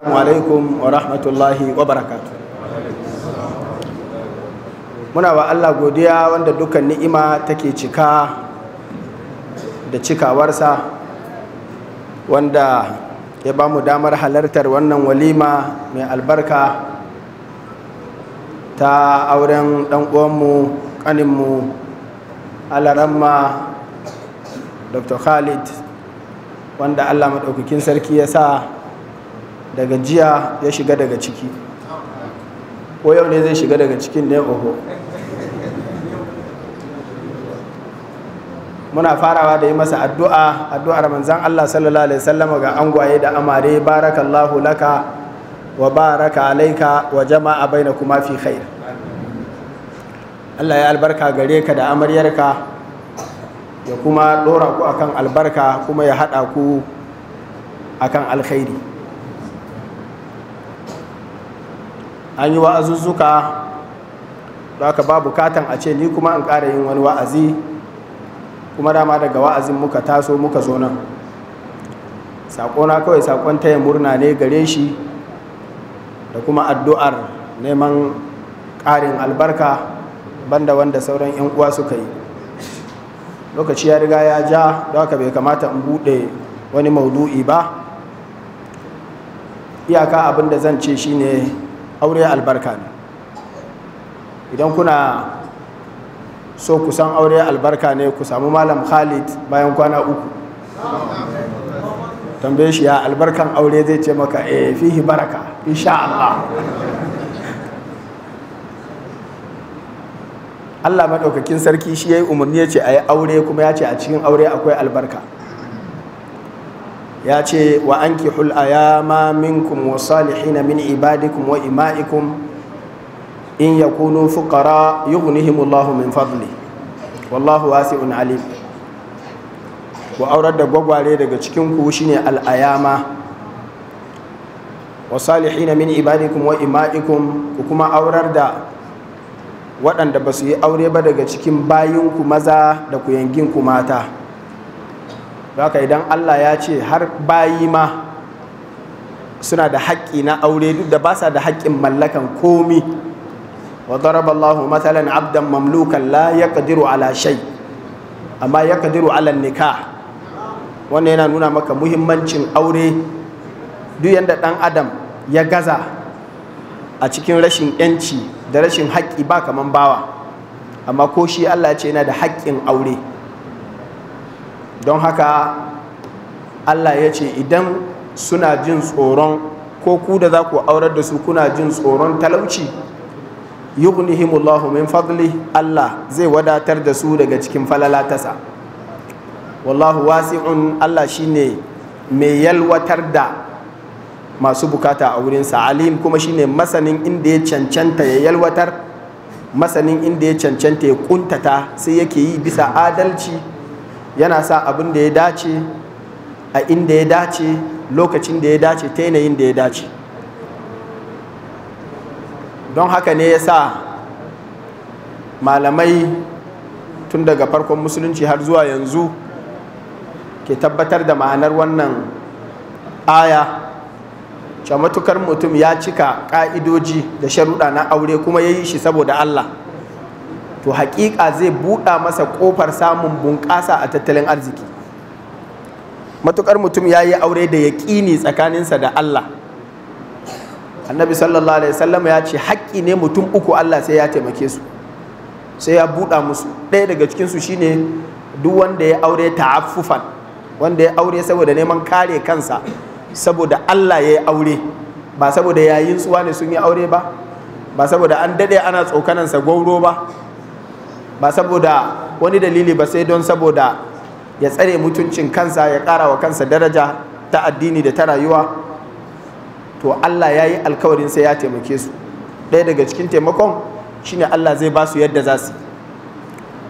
alaikum wa rahmatullahi wa barakatu muna wa Allah godiya wanda dukkan ni'ima take cika da cikawarsa wanda ya ba mu damar halartar wannan walima mai albarka ta auren uwanmu ƙaninmu alaramma dr khalid wanda allah maɗaukakin sarki ya sa daga jiya ya shiga daga ciki ko yau ne zai shiga daga cikin ne oho muna farawa da yi masa addu'a addu'ar manzan Allah sallallahu alaihi wasallam ga angwaye da amare barakallahu laka wa baraka alaika wa jama'a bainakuma fi khair Allah ya albarka gare ka da amaryarka ya kuma dora ku akan albarka kuma ya haɗa ku akan alkhairi an yi wa'azuzzuka da aka ba bukatan a ce ni kuma an ƙara yin wani wa'azi kuma dama daga wa'azin muka taso muka zo nan saƙona kawai saƙon taya murna ne gare shi da kuma addu'ar neman ƙarin albarka banda wanda sauran 'yan uwa suka yi lokaci ya riga ya ja da haka bai kamata in buɗe wani maudu'i ba iyaka abin da zan ce shine ne aure albarka ne idan kuna so ku san aure albarka ne ku samu malam khalid bayan kwana uku tambaye shi ya albarkan aure zai ce maka eh fihi baraka insha Allah Allah maɗaukakin sarki shi ya yi umarni ya ce a yi aure kuma ya ce a cikin aure akwai albarka ya ce wa an ki hul'ayama minkum wa salihina min ibadikum wa ima'ikum in ya kunu fukara yughnihimullahu min fadli wallahu wasi'un alif wa aurar da gwagware daga cikin ku shine al'ayama wa salihina min ibadikum wa ima'ikum ku kuma aurar da waɗanda ba su yi aure ba daga cikin bayinku maza da ku ku mata aka idan Allah ya ce har bayi ma suna da haƙƙi na aure duk da ba sa da haƙƙin mallakan komi wa daraba Allahu matsalan abdan mamlukan la yaqdiru ala shai amma yaqdiru ala nika wannan yana nuna maka muhimmancin aure duk yadda ɗan adam ya gaza a cikin rashin yanci da rashin haƙƙi ba kaman bawa amma ko shi Allah ce yana da haƙƙin aure don haka Allah ya ce idan suna jin tsoron ko ku da za ku aurar da su kuna jin tsoron talauci yughnihimullahu min fadli Allah zai wadatar da su daga cikin falala tasa wallahu wasi'un Allah shine mai yalwatar da masu bukata a wurinsa alim kuma shine masanin inda ya cancanta ya yalwatar masanin inda ya cancanta ya kuntata sai yake yi bisa adalci yana sa abin da ya dace a inda ya dace lokacin da ya dace ta yanayin da ya dace don haka ne ya sa malamai tun daga farkon musulunci har zuwa yanzu ke tabbatar da ma'anar wannan aya matukar mutum ya cika ƙa'idoji da sharuɗa na aure kuma ya yi shi saboda Allah to haƙiƙa zai buɗa masa ƙofar samun bunƙasa a tattalin arziki matuƙar mutum ya yi aure da yaƙini tsakaninsa da Allah annabi sallallahu alaihi wasallam ya ce haƙƙi ne mutum uku Allah sai ya taimake su sai ya buɗa musu ɗaya daga cikinsu shine duk wanda ya aure ta ta'affufan wanda ya aure saboda neman kare kansa saboda Allah ya yi aure ba saboda yayin tsuwa ne sun yi aure ba ba saboda an daɗe ana tsokanansa gwauro ba ba saboda wani dalili ba sai don saboda ya tsare mutuncin kansa ya ƙara wa kansa daraja ta addini da ta rayuwa to Allah ya yi alkawarin sai ya taimake su ɗaya daga cikin taimakon shine Allah zai ba su yadda za su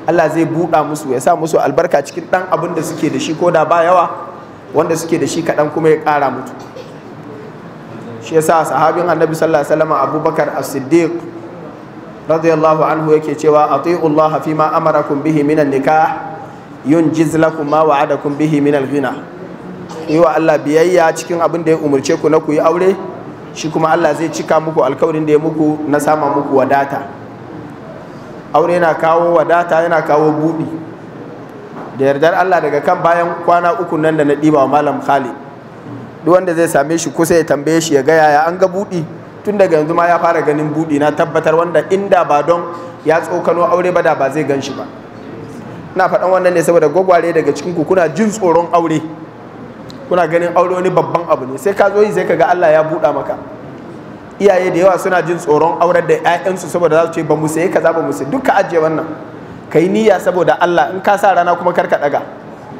Allah zai buɗa musu ya sa musu albarka cikin ɗan abin da suke da shi ko da ba yawa wanda suke da shi kaɗan kuma ya ƙara mutu shi ya sa sahabin annabi sallallahu alaihi wasallam abubakar as-siddiq radiyallahu anhu yake cewa Allah fi ma amarakum bihi minan nikah yunjiz lakum ma wa'adakum bihi minal ghina yi wa Allah biyayya cikin abin da ya umurce ku na ku yi aure shi kuma Allah zai cika muku alkawarin da ya muku na sama muku wadata aure yana kawo wadata yana kawo buɗi da yardar Allah daga kan bayan kwana uku nan da na ɗiba wa malam Khalid duk wanda zai same shi kusa ya tambaye shi ya gaya ya an ga buɗi tun daga yanzu ma ya fara ganin buɗi na tabbatar wanda inda ba don ya tsokano aure ba da ba zai gan shi ba ina faɗan wannan ne saboda gwagware daga cikin ku kuna jin tsoron aure kuna ganin aure wani babban abu ne sai ka zo yi sai ka ga Allah ya buɗa maka iyaye da yawa suna jin tsoron aurar da 'ya'yansu saboda za su ce ba mu sai kaza ba mu sai duka ajiye wannan kai yi niyya saboda Allah in ka sa rana kuma karka daga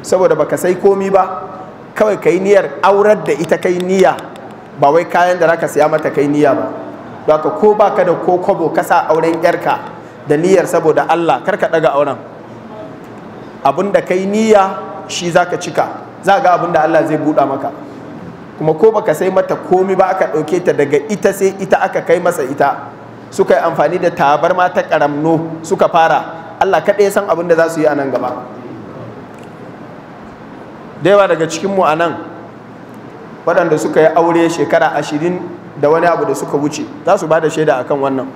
saboda baka sai komi ba kawai ka niyyar aurar da ita kai niyya ba wai kayan da zaka siya mata kai niyya ba baka ko baka da ko kwabo kasa auren yarka da niyyar saboda Allah kar ka daga auren abin da kai niyya shi zaka cika za ga abin da Allah zai buɗa maka kuma ko baka sai mata komi ba aka ɗauke ta daga ita sai ita aka kai masa ita suka yi amfani da tabarma ta karamno suka fara Allah kaɗai san abin da za su yi a nan gaba da yawa daga mu a nan waɗanda suka yi aure shekara ashirin da wani abu da suka wuce za su ba da shaida akan wannan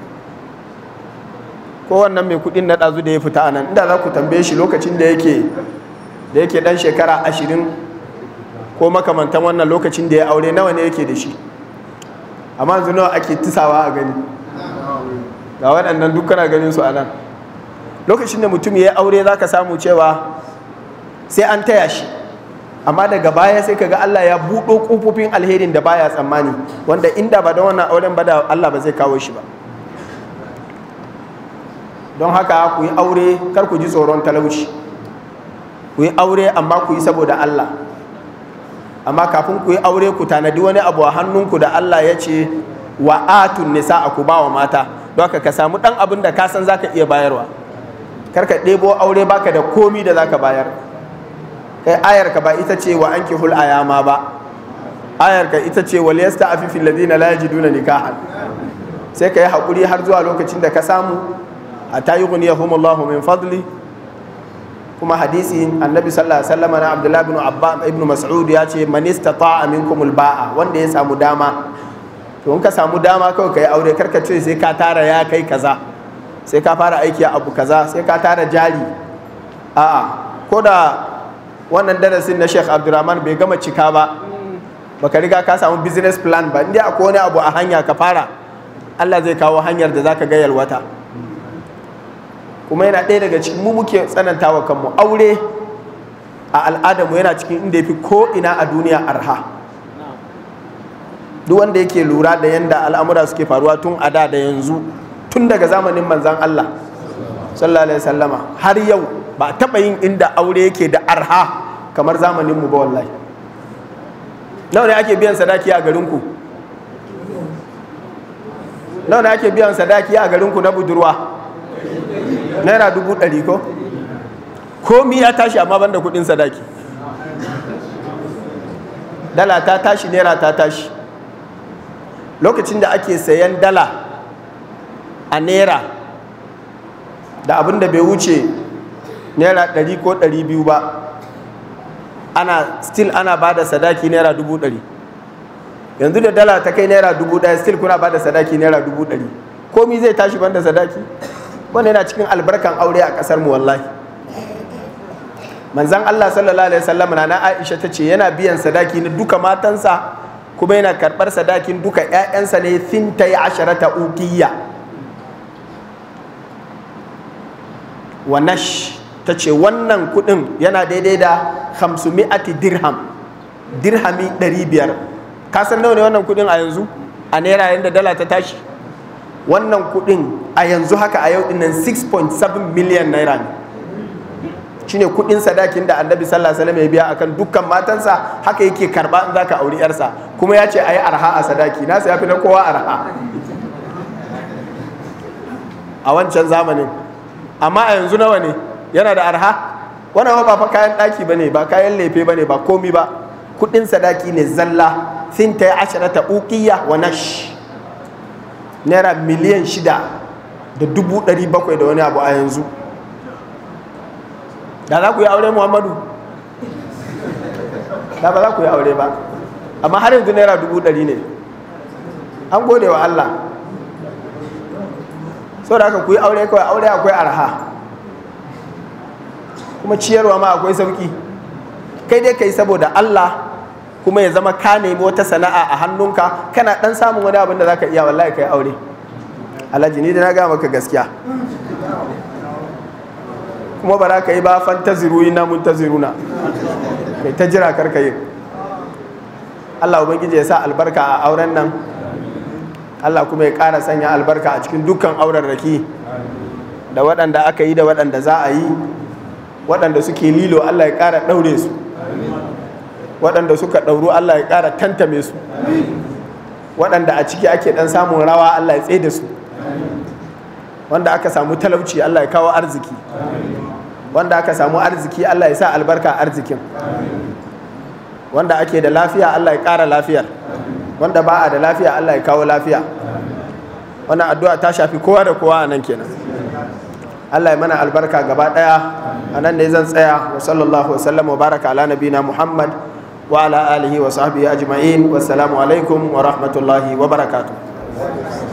ko wannan mai kuɗin na ɗazu da ya fita a nan inda za ku tambaye shi lokacin da yake da yake ɗan shekara ashirin ko makamantan wannan lokacin da ya aure nawa ne yake da shi amma yanzu nawa ake tisawa a gani ga waɗannan duk kana ganin su a nan lokacin da mutum ya yi aure za ka samu cewa sai an taya shi amma daga baya sai kaga Allah ya buɗo ƙofofin alherin da baya tsammani wanda inda ba da wannan auren ba da Allah ba zai kawo shi ba don haka ku yi aure kar ku ji tsoron talauci ku yi aure amma ku yi saboda Allah amma kafin ku yi aure ku tanadi wani abu a hannunku da Allah ya ce wa atun nisa a ku ba wa mata don ka samu ɗan abin da ka san zaka iya bayarwa kar ka ɗebo aure baka da komi da zaka bayar kai ayarka ba ita ce wa anki hul ayama ba ayarka ita ce wal yasta'afifi Ladina la yajiduna nikaha sai ka yi haƙuri har zuwa lokacin da ka samu a ta yi min fadli kuma hadisi annabi sallallahu alaihi wasallam na Abdullah ibn Abba ibn Mas'ud ya ce man istata'a minkum al-ba'a wanda ya samu dama to in ka samu dama kawai kai aure karka ce sai ka tara ya kai kaza sai ka fara aiki a abu kaza sai ka tara jari a'a ko da wannan darasin na Sheikh abdurrahman bai gama cika ba baka riga ka samu business plan ba inda akwai wani abu a hanya ka fara Allah zai kawo hanyar da zaka ga yalwata kuma yana ɗaya daga cikin mu muke tsananta wa kanmu aure a al'adarmu yana cikin inda yafi ko ina a duniya arha duk wanda yake lura da yanda al'amura suke faruwa tun a da da yanzu tun daga zamanin manzan Allah sallallahu alaihi wasallama har yau ba taɓa yin inda aure yake da arha kamar zamanin mu ba wallahi nawa ne ake biyan sadaki a garin ku nawa ne ake biyan sadaki a garin ku na budurwa naira dubu ɗari ko komi ya tashi amma banda kuɗin sadaki dala ta tashi naira ta tashi lokacin da ake sayan dala a naira da abin da bai wuce naira ɗari ko ɗari biyu ba ana still ana ba da sadaki naira dubu ɗari yanzu da dala ta kai naira dubu ɗaya still kuna ba da sadaki naira dubu ɗari komi zai tashi banda sadaki wannan yana cikin albarkan aure a ƙasar mu wallahi manzan Allah sallallahu alaihi wasallam na Aisha ta ce yana biyan sadaki na duka matansa kuma yana karɓar sadakin duka 'ya'yansa ne sinta ya ta ukiya. wa nash ta ce wannan kuɗin yana daidai da mi'ati dirham dirhami ɗari biyar ka san nawa ne wannan kuɗin a yanzu a naira yadda dala ta tashi wannan kuɗin a yanzu haka a yau ɗinnan 6.7 miliyan naira ne shine kuɗin sadakin da annabi sallallahu alaihi wasallam ya biya akan dukkan matansa haka yake karba in zaka auri yarsa kuma ya ce ayi arha a sadaki nasa yafi na kowa arha a wancan zamanin amma a yanzu nawa ne yana da arha wannan ba fa kayan ɗaki ba ba kayan lefe ba ne ba komi ba kudin sadaki ne zalla yi ya ta ukiya wa nash naira miliyan shida da dubu ɗari bakwai da wani abu a yanzu da za ku yi aure muhammadu da ba za ku yi aure ba amma har yanzu naira dubu ɗari ne an gode wa allah sau da aka ku yi aure kawai aure akwai arha kuma ciyarwa ma akwai sauki kai dai kai saboda Allah kuma ya zama ka nemi wata sana'a a hannunka kana dan samun wani abin da zaka iya wallahi kai aure alhaji ni da na gaya maka gaskiya kuma ba za ka yi ba fantaziru ina muntaziruna kai ta jira karka yi Allah ubangiji ya sa albarka a auren nan Allah kuma ya ƙara sanya albarka a cikin dukkan auren raki da waɗanda aka yi da waɗanda za a yi waɗanda suke lilo Allah ya ƙara ɗaure su waɗanda suka ɗauru Allah ya ƙara tantame su waɗanda a ciki ake ɗan samun rawa Allah ya tsaye da su wanda aka samu talauci Allah ya kawo arziki wanda aka samu arziki Allah ya sa albarka arzikin wanda ake da lafiya Allah ya ƙara lafiyar wanda ba a da lafiya Allah ya kawo lafiya wannan addu'a ta shafi kowa da kowa a nan kenan Allah ya mana albarka gaba daya a nan ne zan tsaya wa sallallahu wa sallam wa baraka ala nabina Muhammad wa ala alihi wa sahbihi ajma'in wassalamu alaikum wa rahmatullahi wa barakatuh